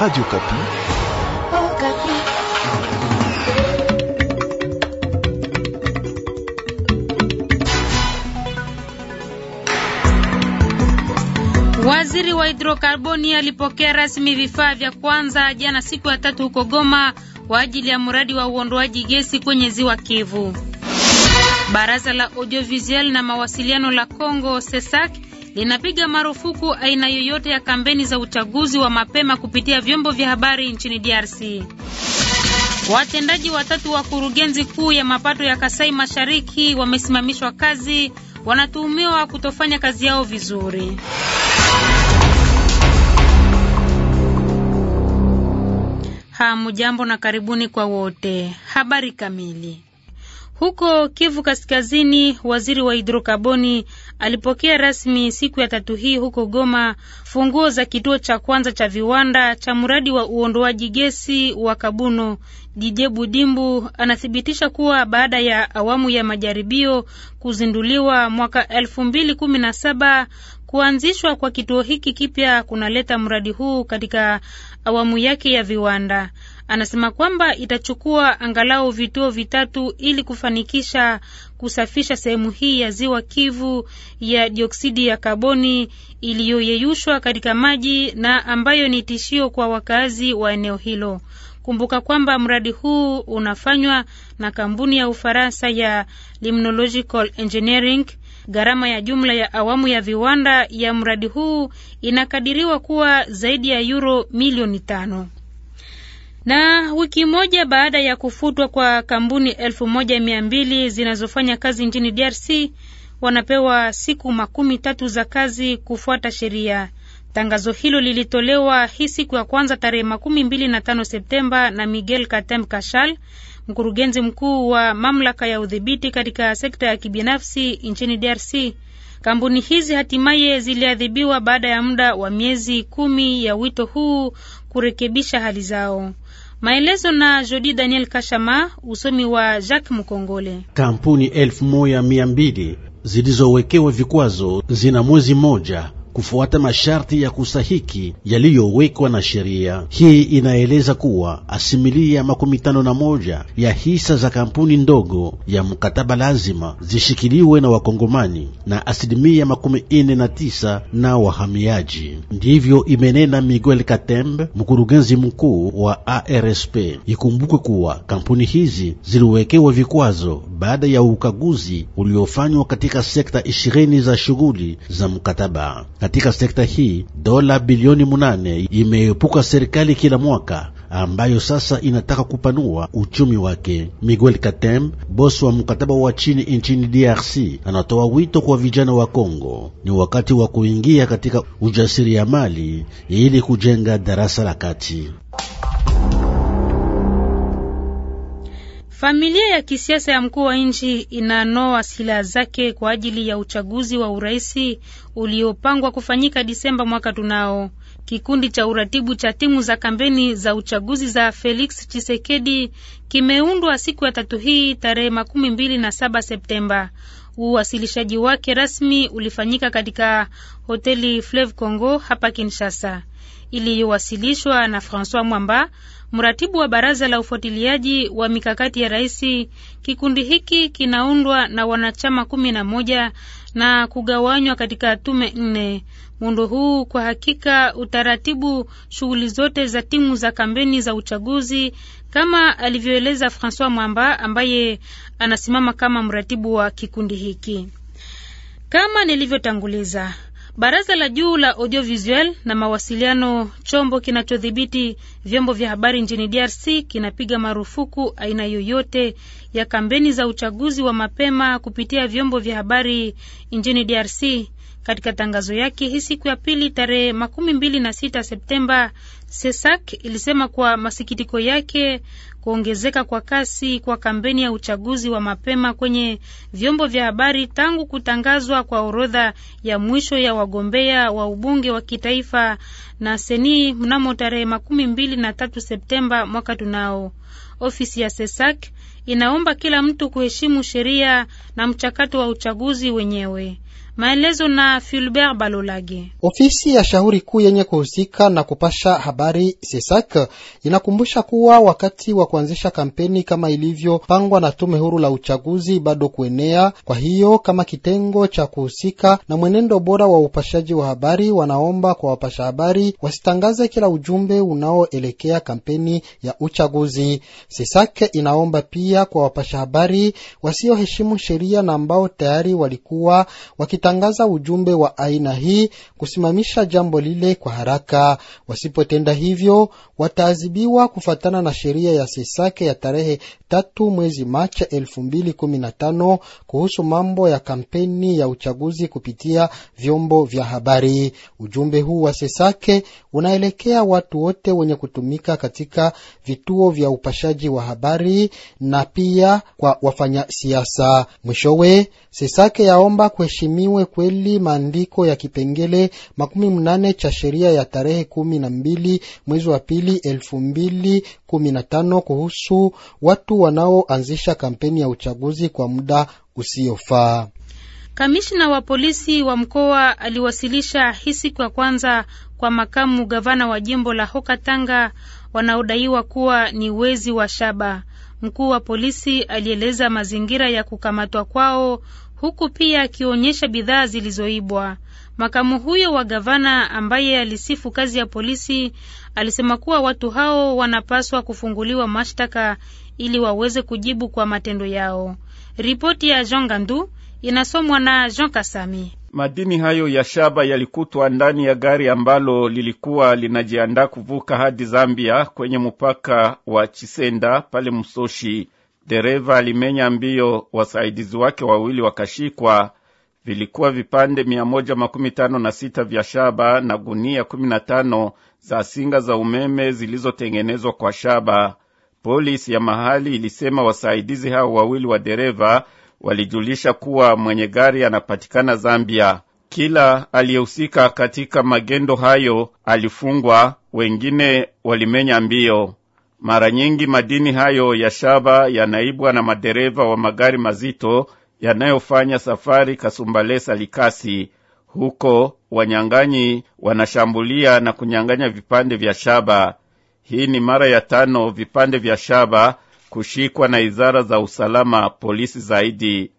Radio Kapi. Oh, Kapi. Waziri wa hidrokarboni alipokea rasmi vifaa vya kwanza jana siku ya tatu huko Goma kwa ajili ya mradi wa uondoaji gesi kwenye Ziwa Kivu. Baraza la Audiovisuel na Mawasiliano la Kongo, CESAC linapiga marufuku aina yoyote ya kampeni za uchaguzi wa mapema kupitia vyombo vya habari nchini DRC. Watendaji watatu wa kurugenzi kuu ya mapato ya Kasai Mashariki wamesimamishwa kazi, wanatuhumiwa kutofanya kazi yao vizuri. Hamujambo na karibuni kwa wote. Habari kamili. Huko Kivu Kaskazini, waziri wa hidrokaboni alipokea rasmi siku ya tatu hii huko Goma funguo za kituo cha kwanza cha viwanda cha mradi wa uondoaji gesi wa Kabuno. Didie Budimbu anathibitisha kuwa baada ya awamu ya majaribio kuzinduliwa mwaka elfu mbili kumi na saba kuanzishwa kwa kituo hiki kipya kunaleta mradi huu katika awamu yake ya viwanda. Anasema kwamba itachukua angalau vituo vitatu ili kufanikisha kusafisha sehemu hii ya ziwa Kivu ya dioksidi ya kaboni iliyoyeyushwa katika maji na ambayo ni tishio kwa wakazi wa eneo hilo. Kumbuka kwamba mradi huu unafanywa na kampuni ya Ufaransa ya Limnological Engineering. Gharama ya jumla ya awamu ya viwanda ya mradi huu inakadiriwa kuwa zaidi ya euro milioni tano. Na wiki moja baada ya kufutwa kwa kampuni elfu moja mia mbili zinazofanya kazi nchini DRC wanapewa siku makumi tatu za kazi kufuata sheria. Tangazo hilo lilitolewa hii siku ya kwanza tarehe makumi mbili na tano Septemba na Miguel Katem Kashal, mkurugenzi mkuu wa mamlaka ya udhibiti katika sekta ya kibinafsi nchini DRC. Kampuni hizi hatimaye ziliadhibiwa baada ya muda wa miezi kumi ya wito huu kurekebisha hali zao. Maelezo na Jodi Daniel Kashama, usomi wa Jacques Mukongole. Kampuni elfu moja mia mbili zilizowekewa vikwazo zina mwezi mmoja kufuata masharti ya kusahiki yaliyowekwa na sheria hii. Inaeleza kuwa asimilia makumi tano na moja ya hisa za kampuni ndogo ya mkataba lazima zishikiliwe na Wakongomani na asilimia makumi ine na tisa na wahamiaji. Ndivyo imenena Miguel Katembe, mkurugenzi mkuu wa ARSP. Ikumbukwe kuwa kampuni hizi ziliwekewa vikwazo baada ya ukaguzi uliofanywa katika sekta ishirini za shughuli za mkataba katika sekta hii dola bilioni munane imeepuka serikali kila mwaka ambayo sasa inataka kupanua uchumi wake. Miguel Katem, bosi wa mkataba wa chini nchini DRC, anatoa wito kwa vijana wa Kongo, ni wakati wa kuingia katika ujasiri ya mali ili kujenga darasa la kati. Familia ya kisiasa ya mkuu wa nchi inanoa silaha zake kwa ajili ya uchaguzi wa uraisi uliopangwa kufanyika Disemba mwaka tunao. Kikundi cha uratibu cha timu za kampeni za uchaguzi za Felix Chisekedi kimeundwa siku ya tatu hii tarehe makumi mbili na saba Septemba uwasilishaji wake rasmi ulifanyika katika hoteli Fleuve Congo hapa Kinshasa. Iliyowasilishwa na Francois Mwamba, mratibu wa baraza la ufuatiliaji wa mikakati ya rais. Kikundi hiki kinaundwa na wanachama kumi na moja na kugawanywa katika tume nne. Muundo huu kwa hakika utaratibu shughuli zote za timu za kampeni za uchaguzi kama alivyoeleza Francois Mwamba ambaye anasimama kama mratibu wa kikundi hiki. Kama nilivyotanguliza, baraza la juu la audiovisuel na mawasiliano, chombo kinachodhibiti vyombo vya habari nchini DRC, kinapiga marufuku aina yoyote ya kampeni za uchaguzi wa mapema kupitia vyombo vya habari nchini DRC katika tangazo yake hii siku ya pili tarehe makumi mbili na sita Septemba, SESAK ilisema kwa masikitiko yake kuongezeka kwa kasi kwa kampeni ya uchaguzi wa mapema kwenye vyombo vya habari tangu kutangazwa kwa orodha ya mwisho ya wagombea wa ubunge wa kitaifa na seni mnamo tarehe makumi mbili na tatu Septemba mwaka tunao. Ofisi ya SESAK inaomba kila mtu kuheshimu sheria na mchakato wa uchaguzi wenyewe. Maelezo na Fulbert Balolage. Ofisi ya shauri kuu yenye kuhusika na kupasha habari SESAK inakumbusha kuwa wakati wa kuanzisha kampeni kama ilivyopangwa na tume huru la uchaguzi bado kuenea. Kwa hiyo kama kitengo cha kuhusika na mwenendo bora wa upashaji wa habari, wanaomba kwa wapasha habari wasitangaze kila ujumbe unaoelekea kampeni ya uchaguzi. SESAK inaomba pia kwa wapasha habari wasioheshimu sheria na ambao tayari walikuwa wakita kutangaza ujumbe wa aina hii, kusimamisha jambo lile kwa haraka. Wasipotenda hivyo, wataadhibiwa kufuatana na sheria ya Sesake ya tarehe tatu mwezi Machi elfu mbili kumi na tano kuhusu mambo ya kampeni ya uchaguzi kupitia vyombo vya habari. Ujumbe huu wa Sesake unaelekea watu wote wenye kutumika katika vituo vya upashaji wa habari na pia kwa wafanya siasa. Mwishowe, Sesake yaomba kuheshimiwa ifafanue kweli maandiko ya kipengele makumi mnane cha sheria ya tarehe kumi na mbili mwezi wa pili elfu mbili kumi na tano kuhusu watu wanaoanzisha kampeni ya uchaguzi kwa muda usiofaa. Kamishna wa polisi wa mkoa aliwasilisha hii siku ya kwanza kwa makamu gavana wa jimbo la Hokatanga wanaodaiwa kuwa ni wezi wa shaba. Mkuu wa polisi alieleza mazingira ya kukamatwa kwao, huku pia akionyesha bidhaa zilizoibwa. Makamu huyo wa gavana ambaye alisifu kazi ya polisi alisema kuwa watu hao wanapaswa kufunguliwa mashtaka ili waweze kujibu kwa matendo yao. Ripoti ya Jean Gandu inasomwa na Jean Kasami. Madini hayo ya shaba yalikutwa ndani ya gari ambalo lilikuwa linajiandaa kuvuka hadi Zambia kwenye mpaka wa Chisenda pale Msoshi. Dereva alimenya mbio, wasaidizi wake wawili wakashikwa. Vilikuwa vipande 156 na sita vya shaba na gunia 15 za singa za umeme zilizotengenezwa kwa shaba. Polisi ya mahali ilisema wasaidizi hao wawili wa dereva walijulisha kuwa mwenye gari anapatikana Zambia. Kila aliyehusika katika magendo hayo alifungwa, wengine walimenya mbio. Mara nyingi madini hayo ya shaba yanaibwa na madereva wa magari mazito yanayofanya safari Kasumbalesa Likasi. Huko wanyang'anyi wanashambulia na kunyang'anya vipande vya shaba. Hii ni mara ya tano vipande vya shaba kushikwa na idara za usalama polisi zaidi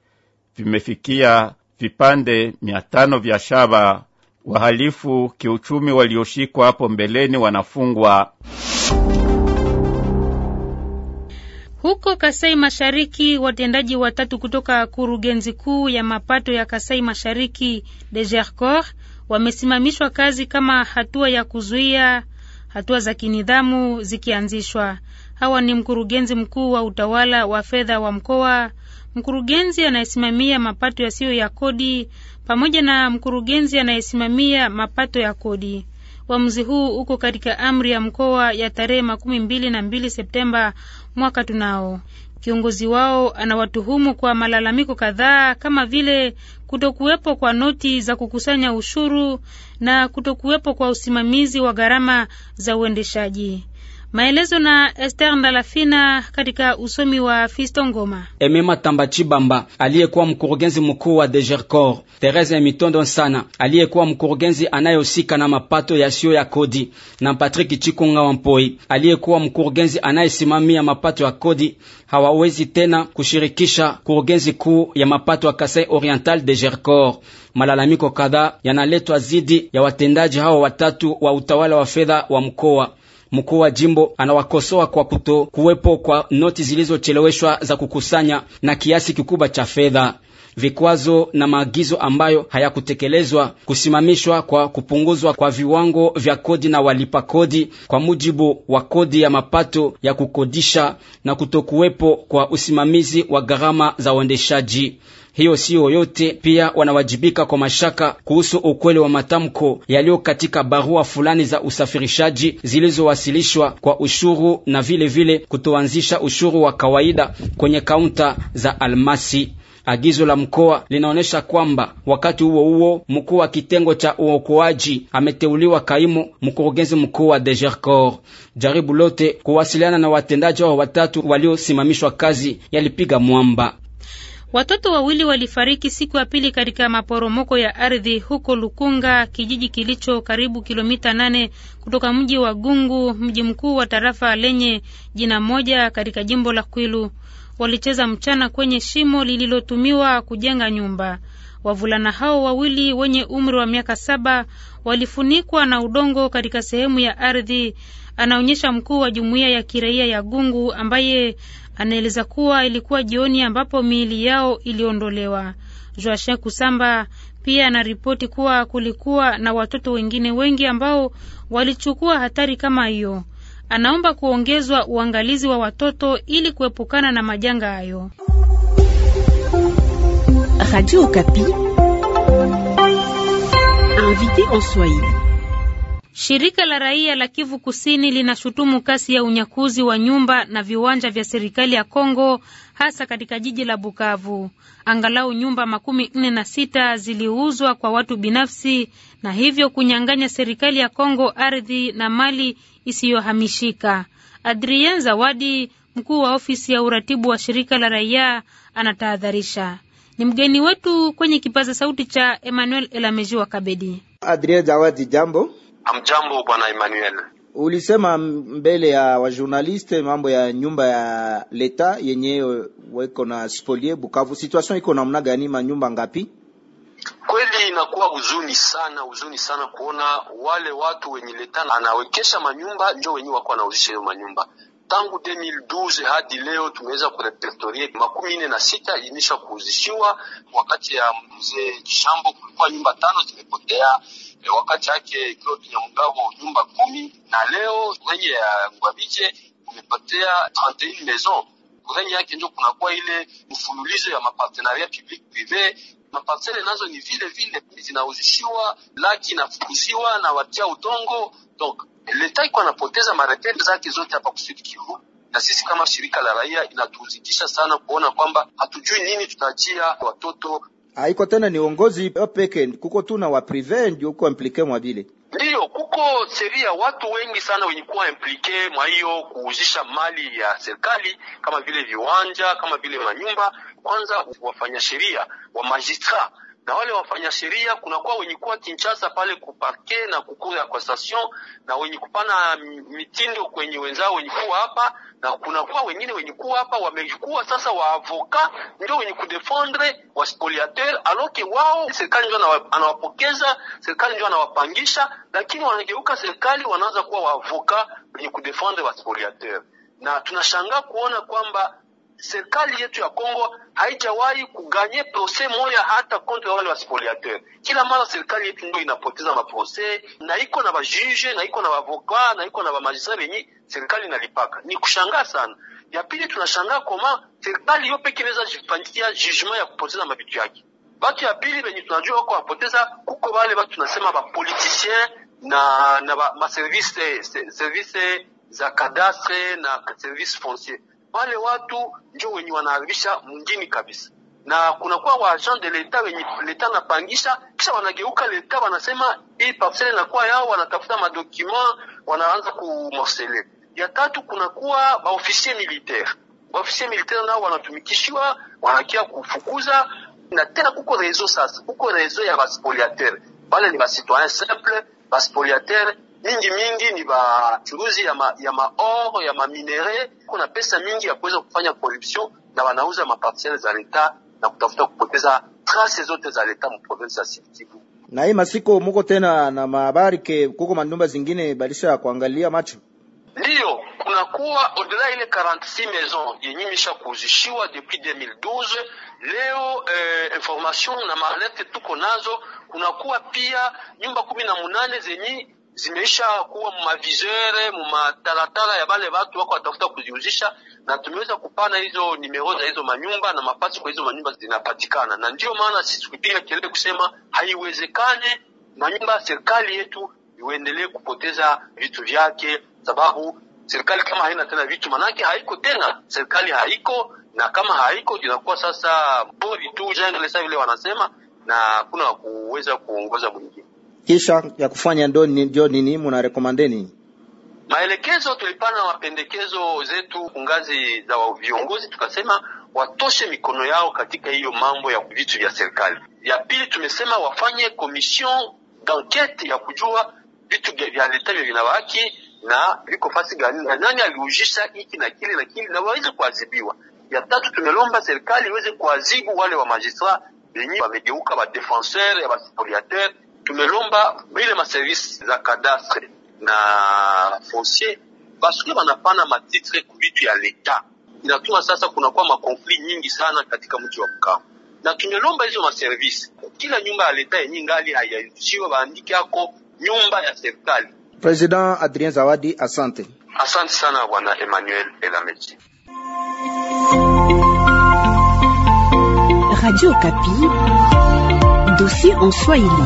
vimefikia vipande mia tano vya shaba. Wahalifu kiuchumi walioshikwa hapo mbeleni wanafungwa. Huko Kasai Mashariki, watendaji watatu kutoka kurugenzi kuu ya mapato ya Kasai Mashariki gercor wamesimamishwa kazi kama hatua ya kuzuia hatua za kinidhamu zikianzishwa. Hawa ni mkurugenzi mkuu wa utawala wa fedha wa mkoa, mkurugenzi anayesimamia mapato yasiyo ya kodi, pamoja na mkurugenzi anayesimamia mapato ya kodi. Uamuzi huu uko katika amri ya mkoa ya tarehe makumi mbili na mbili Septemba mwaka tunao. Kiongozi wao anawatuhumu kwa malalamiko kadhaa kama vile kutokuwepo kwa noti za kukusanya ushuru na kutokuwepo kwa usimamizi wa gharama za uendeshaji. Maelezo na Esther Ndalafina katika usomi wa Fisto Ngoma. Emema Tamba Chibamba aliyekuwa mkurugenzi mkuu wa Degercor, Therese Mitondo Nsana aliyekuwa mkurugenzi anayehusika na mapato yasiyo ya kodi, na Patrick Chikunga wa Mpoi aliyekuwa mkurugenzi anayesimamia mapato ya kodi hawawezi tena kushirikisha kurugenzi kuu ya mapato ya Kasai Oriental Degercor. Malalamiko kadhaa yanaletwa zidi ya watendaji hao watatu wa utawala wa fedha wa mkoa. Mkuu wa jimbo anawakosoa kwa kuto kuwepo kwa noti zilizocheleweshwa za kukusanya na kiasi kikubwa cha fedha vikwazo na maagizo ambayo hayakutekelezwa, kusimamishwa kwa kupunguzwa kwa viwango vya kodi na walipa kodi kwa mujibu wa kodi ya mapato ya kukodisha na kutokuwepo kwa usimamizi wa gharama za uendeshaji. Hiyo siyo yote, pia wanawajibika kwa mashaka kuhusu ukweli wa matamko yaliyo katika barua fulani za usafirishaji zilizowasilishwa kwa ushuru na vilevile vile kutoanzisha ushuru wa kawaida kwenye kaunta za almasi. Agizo la mkoa linaonyesha kwamba wakati huo huo mkuu wa kitengo cha uokoaji ameteuliwa kaimu mkurugenzi mkuu wa DGRCOR. Jaribu lote kuwasiliana na watendaji hao wa watatu waliosimamishwa kazi yalipiga mwamba. Watoto wawili walifariki siku ya pili katika maporomoko ya ardhi huko Lukunga, kijiji kilicho karibu kilomita nane kutoka mji wa Gungu, mji mkuu wa tarafa lenye jina moja katika jimbo la Kwilu walicheza mchana kwenye shimo lililotumiwa kujenga nyumba. Wavulana hao wawili wenye umri wa miaka saba walifunikwa na udongo katika sehemu ya ardhi, anaonyesha mkuu wa jumuiya ya kiraia ya Gungu ambaye anaeleza kuwa ilikuwa jioni ambapo miili yao iliondolewa. Joashin Kusamba pia anaripoti kuwa kulikuwa na watoto wengine wengi ambao walichukua hatari kama hiyo anaomba kuongezwa uangalizi wa watoto ili kuepukana na majanga hayo. Radio Okapi invité en Swahili. Shirika la raia la Kivu Kusini linashutumu kasi ya unyakuzi wa nyumba na viwanja vya serikali ya Kongo hasa katika jiji la Bukavu. Angalau nyumba makumi nne na sita ziliuzwa kwa watu binafsi na hivyo kunyang'anya serikali ya Kongo ardhi na mali isiyohamishika. Adrien Zawadi, mkuu wa ofisi ya uratibu wa shirika la raia, anatahadharisha. Ni mgeni wetu kwenye kipaza sauti cha Emmanuel Elameji wa Kabedi. Adrien Zawadi, jambo. Amjambo bwana Emmanuel. Ulisema mbele ya wajournaliste mambo ya nyumba ya leta yenyewe weko na spolier Bukavu, situation iko namna gani? manyumba ngapi? Kweli inakuwa huzuni sana, huzuni sana kuona wale watu wenye leta anawekesha manyumba ndio wenye wako wanauzisha hiyo manyumba tangu 2012 hadi leo tumeweza kurepertorie makumi nne na sita imesha kuuzishiwa. Wakati ya mzee Kishambo kulikuwa nyumba tano zimepotea, e, wakati yake Claude Nyamugabo nyumba kumi, na leo kwenye ya Ngwabije kumepotea 31 maison. Kwenye yake ndio kunakuwa ile mfululizo ya mapartenariat public prive maparsele nazo ni vile vile zinauzishiwa, laki inafukuziwa na watia utongo donc Leta iko anapoteza maretere zake zote hapa kusudi Kivu, na sisi kama shirika la raia inatuzidisha sana kuona kwamba hatujui nini tutaachia watoto. Haiko tena ni uongozi peke, kuko tu na wa prive uko implike mwadile Ndiyo, kuko seria watu wengi sana wenye kuwa implike mwa hiyo kuuzisha mali ya serikali kama vile viwanja, kama vile manyumba. Kwanza wafanya sheria wa magistrat na wale wafanya sheria kunakuwa wenye kuwa Kinshasa pale kuparke na kukura kwa station na wenye kupana mitindo kwenye wenzao wenye kuwa hapa, na kunakuwa wengine wenye kuwa hapa wamekuwa sasa waavoka ndio wenye kudefendre waspoliateur, aloke wao serikali ndio anawapokeza, serikali ndio anawapangisha, lakini wanageuka serikali wanaanza kuwa waavoka wenye kudefendre waspoliateur, na tunashangaa kuona kwamba serikali yetu ya Kongo haijawahi kuganye prose moya hata kontra wale waspoliateur. Kila mara serikali yetu ndio inapoteza maprose na iko na bajuge na iko na bavoka na iko na bamajistra benye serikali inalipaka, ni kushangaa sana. Ya pili tunashangaa koma serikali yo peke inaweza jifanyikia jugement ya kupoteza mabitu yake. Batu ya pili benye tunajua wako wapoteza kuko wale watu tunasema ba politicien na na ba, ma service, eh, service za kadastre na service foncier wale watu ndio wenye wanaharibisha mwingine kabisa, na kuna wa agent de l'etat wenye leta napangisha, kisha wanageuka leta, wanasema hii parcelle kwa yao, wanatafuta madocument, wanaanza kumorsele. Ya tatu kunakuwa baofisier militaire, baofisier militaire nao wanatumikishiwa, wanakia kufukuza na tena kuko réseau sasa, kuko réseau ya baspoliatere, bale ni citoyen simple baspoliatere mingi mingi ni bachuruzi ya ma, ya maor ya maminere, kuna pesa mingi ya kuweza kufanya corruption na wanauza mapartiele za leta na kutafuta kupoteza trace zote za leta mu province ya Na hii masiko muko tena na ke kuko mandumba zingine balisha kuangalia macho, ndiyo kunakuwa odela ile 46 maison yenye misha kuuzishiwa depuis 2012. Leo eh, information na malete tuko nazo, kunakuwa pia nyumba kumi na munane zenye zimeisha kuwa mavizere mumataratara ya bale watu wako watafuta kuziuzisha, na tumeweza kupana hizo nimero za hizo manyumba na mapasi kwa hizo manyumba zinapatikana, na ndiyo maana sisi kupiga kelele kusema haiwezekane manyumba ya serikali yetu iendelee kupoteza vitu vyake, sababu serikali kama haina tena vitu, manake haiko tena serikali, haiko na kama haiko inakuwa sasa pori tu, jangle, sasa vile wanasema, na hakuna kuweza kuongoza mwingine. Kisha ya kufanya ndio nini mnarekomande nini? Maelekezo tulipana mapendekezo zetu ngazi za viongozi, tukasema watoshe mikono yao katika hiyo mambo ya vitu vya serikali. Ya pili tumesema wafanye komision d'enquete ya kujua vitu vya leta vya vinawaki na viko fasi gani na nani aliujisha hiki na kile na kile, na waweze kuadhibiwa. Ya tatu tumelomba serikali iweze kuadhibu wale wa magistrat wenye wamegeuka wa defenseur ya baspoliateur tumelomba ile maservisi za kadastre na foncier basukule banapana matitre kuvitu ya leta, inatuma sasa kunakuwa makonfli nyingi sana katika mji wa Bukavu, na tumelomba hizo maservisi kila nyumba ya leta yenye ngali hayaruhusiwa baandike yako nyumba ya serikali. President Adrien Zawadi, asante. Asante sana bwana Emmanuel Elameji. Radio Kapi, dossier en Swahili.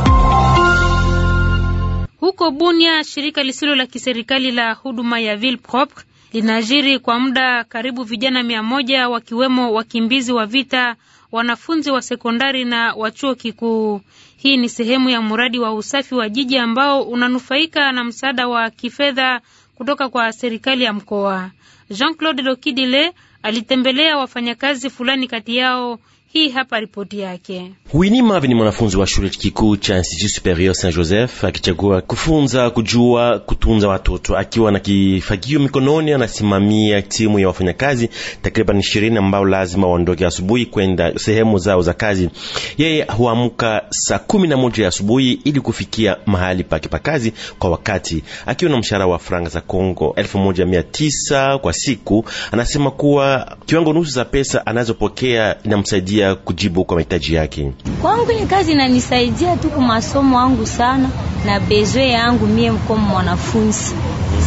Huko Bunia, shirika lisilo la kiserikali la huduma ya Ville Propre linaajiri kwa muda karibu vijana mia moja wakiwemo wakimbizi wa vita, wanafunzi wa sekondari na wa chuo kikuu. Hii ni sehemu ya mradi wa usafi wa jiji ambao unanufaika na msaada wa kifedha kutoka kwa serikali ya mkoa. Jean-Claude Lokidile alitembelea wafanyakazi fulani kati yao hii hapa ripoti yake. Wini Mave ni mwanafunzi wa shule kikuu cha Institut Superieur Saint Joseph, akichagua kufunza kujua kutunza watoto. Akiwa na kifagio mikononi, anasimamia timu ya wafanyakazi takriban ishirini ambao lazima waondoke asubuhi kwenda sehemu zao za kazi. Yeye huamka saa kumi na moja ya asubuhi ili kufikia mahali pake pa kazi kwa wakati, akiwa na mshahara wa franga za Kongo elfu moja mia tisa kwa siku. Anasema kuwa kiwango nusu za pesa anazopokea inamsaidia kusaidia kujibu kwa mahitaji yake. Kwangu ni kazi inanisaidia tu kwa masomo yangu sana na bezwe yangu mie mkomo mwanafunzi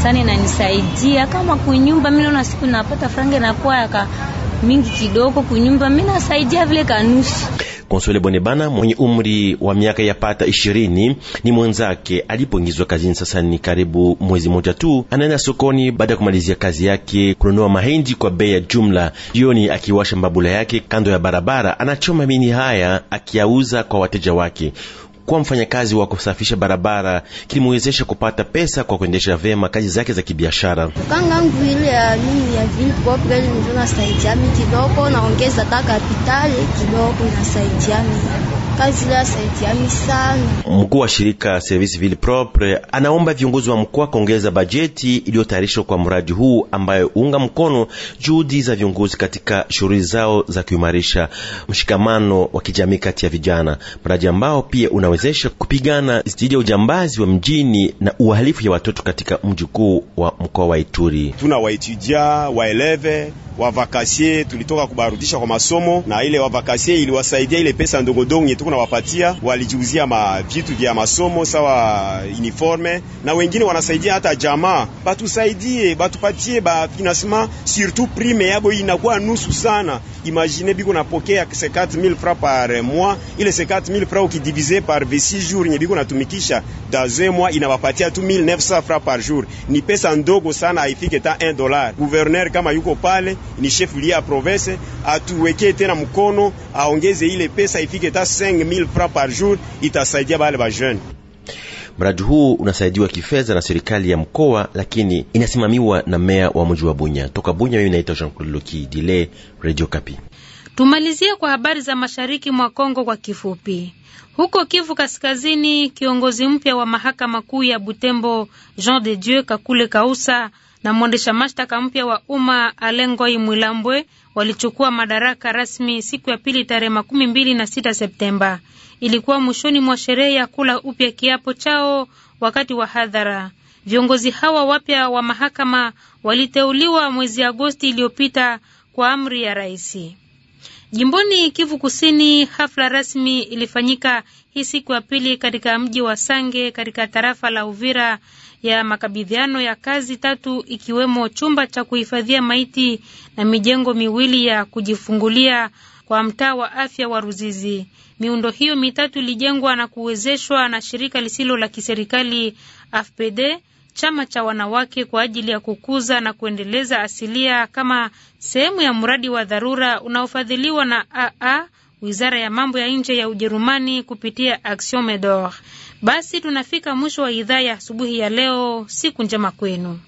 sana, inanisaidia kama kunyumba. Mimi naona siku napata franga inakuwa yaka mingi kidogo kunyumba, mimi nasaidia vile kanusu Konsole Bonebana mwenye umri wa miaka ya pata ishirini ni mwenzake alipoingizwa kazini sasa ni karibu mwezi moja tu. Anaenda sokoni baada ya kumalizia kazi yake kununua mahindi kwa bei ya jumla. Jioni akiwasha mbabula yake kando ya barabara, anachoma mini haya akiyauza kwa wateja wake kuwa mfanyakazi wa kusafisha barabara kilimwezesha kupata pesa kwa kuendesha vema kazi zake za kibiashara. Kangangu ile ya mimi ya vile kidogo, naongeza kapitali kidogo, kazi la sana. Mkuu wa shirika Service Ville Propre anaomba viongozi wa mkoa kuongeza bajeti iliyotayarishwa kwa mradi huu ambayo unga mkono juhudi za viongozi katika shughuli zao za kuimarisha mshikamano wa kijamii kati ya vijana, mradi ambao pia una inawezesha kupigana dhidi ya ujambazi wa mjini na uhalifu ya watoto katika mji mkuu wa mkoa wa Ituri. Tuna waetudia waeleve wavakasie, tulitoka kubarudisha kwa masomo, na ile wavakasie iliwasaidia ile pesa ndogondogo yetu kuna wapatia, walijiuzia ma vitu vya masomo sawa uniforme, na wengine wanasaidia hata jamaa, batusaidie batupatie ba finasima, surtout prime yabo inakuwa nusu sana. Imagine biko napokea 50000 francs par mois, ile 50000 francs ukidivise par RVC jour yenye biko natumikisha dazwe mwa inawapatia tu 1900 francs par jour, ni pesa ndogo sana, haifike ta 1 dollar. Gouverneur kama yuko pale, ni chef lia province, atuweke tena mkono aongeze ile pesa ifike ta 5000 francs par jour, itasaidia bale ba jeune. Mradi huu unasaidiwa kifedha na serikali ya mkoa, lakini inasimamiwa na meya wa mji wa Bunya. Toka Bunya, mimi naitwa Jean-Claude Loki Dile, Radio Kapi. Tumalizie kwa habari za mashariki mwa Kongo kwa kifupi. Huko Kivu Kaskazini, kiongozi mpya wa mahakama kuu ya Butembo Jean de Dieu Kakule Kausa na mwendesha mashtaka mpya wa umma Alengoi Mwilambwe walichukua madaraka rasmi siku ya pili tarehe makumi mbili na sita Septemba. Ilikuwa mwishoni mwa sherehe ya kula upya kiapo chao wakati wa hadhara. Viongozi hawa wapya wa mahakama waliteuliwa mwezi Agosti iliyopita kwa amri ya raisi. Jimboni Kivu Kusini, hafla rasmi ilifanyika hii siku ya pili katika mji wa Sange katika tarafa la Uvira ya makabidhiano ya kazi tatu ikiwemo chumba cha kuhifadhia maiti na mijengo miwili ya kujifungulia kwa mtaa wa afya wa Ruzizi. Miundo hiyo mitatu ilijengwa na kuwezeshwa na shirika lisilo la kiserikali AFPD chama cha wanawake kwa ajili ya kukuza na kuendeleza asilia kama sehemu ya mradi wa dharura unaofadhiliwa na AA, wizara ya mambo ya nje ya Ujerumani kupitia Action Medor. Basi tunafika mwisho wa idhaa ya asubuhi ya leo. Siku njema kwenu.